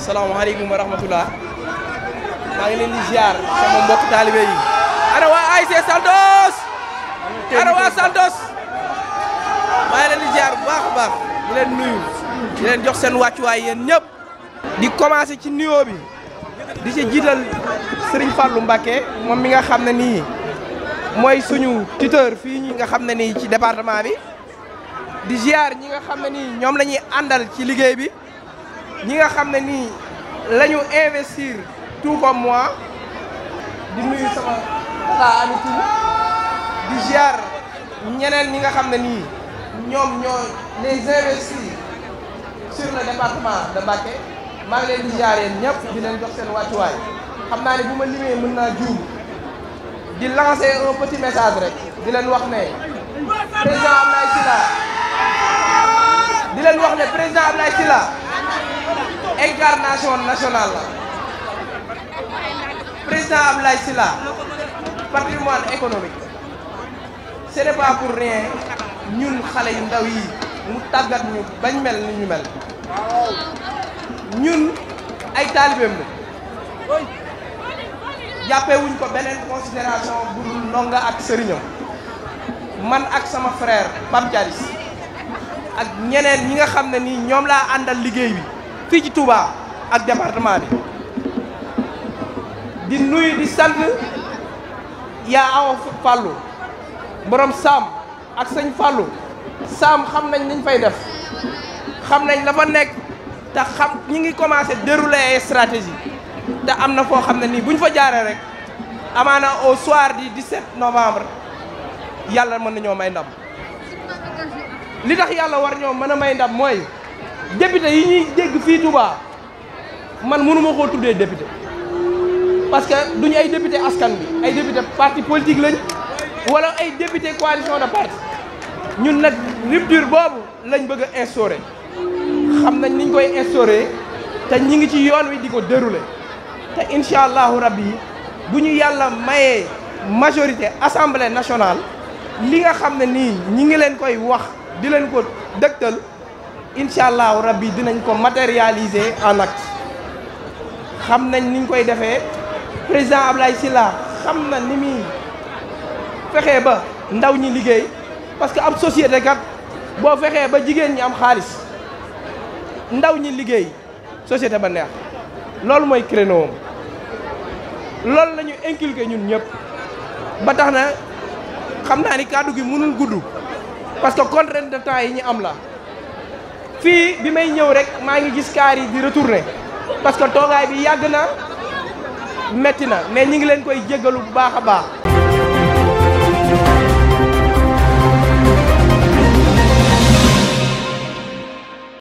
salaamaaleykum wa rahmatulah maa ngi leen di ziar sama mbokk taalibe yi. ana waa ASC Santos. ana waa Santos. maa ngi leen di ziar baax baax di nuyu di leen jox seen wàccuwaay yéen ñëpp. di commencé ci nuyoo bi di ci jiital Serigne Fallou Mbacké moom mi nga xam ne nii mooy suñu tuteur fii ñi nga xam ne nii ci département bi di ziar ñi nga xam ne nii ñoom la ñuy àndal ci liggéey bi. ñi nga xam ne nii la investir tout comme moi di nuyu sama tata Amitou di ziar ñeneen ñi nga xam ne nii ñoom ñoo les investis sur le département de Mbacké maa ngi leen di ziar yéen ñëpp di leen jox seen wàccuwaay xam naa ne bu ma limee mën naa juum di lancer un petit message rek di leen wax ne président Abdoulaye Sylla di leen wax ne président Abdoulaye Sylla incarnation nationale la président Abdoulaye Sylla patrimoine économique ce n'est pas ñun xale yu ndaw yi mu tàggat ñu bañ mel ni ñu mel ñun ay taalibeem la jàppee wuñ ko beneen considération bu dul ak sëriñam man ak sama frère Pape Diaris ak ñeneen ñi nga xam ne nii ñoom laa àndal liggéey bi fii ci Touba ak département bi di nuyu di sant yaa awa fàllu borom saam ak sëñ fàllu saam xam nañ niñ fay def xam nañ la fa nekk te xam ñi ngi commencé dérouler ay stratégie te am na foo xam ne nii buñ fa jaaree rek amaana au soir du 17 novembre yàlla mën na ñoo may ndam li tax yàlla war ñoo mën a may ndam mooy député yi ñuy dégg fii Touba man mënu ma koo tuddee député parce que duñu ay député askan bi ay député parti politique lañ wala ay député coalition de parti ñun nag rupture boobu lañ bëgg a instauré xam nañ niñ koy instauré te ñi ngi ci yoon wi di ko déroulé te incha allahu rabbi yi bu ñu yàlla maye majorité assemblée nationale li nga xam ne nii ñi ngi leen koy wax di leen ko dëgtal incha allahu rabbi dinañ ko matérialiser en acte xam nañ niñ koy defee président Ablaye Sylla xam na ni muy fexee ba ndaw ñi liggéey parce que ab société kat boo fexee ba jigéen ñi am xaalis ndaw ñi liggéey société ba neex loolu mooy créneau loolu la ñu inculqué ñun ñëpp ba tax na xam naa ni kàddu gi mënul gudd parce que contrainte de temps yi ñu am la fii bi may ñëw rek maa ngi gis kaar yi di parce que toogaay bi yàgg na metti na mais ñi ngi leen koy jéggalu bu baax a baax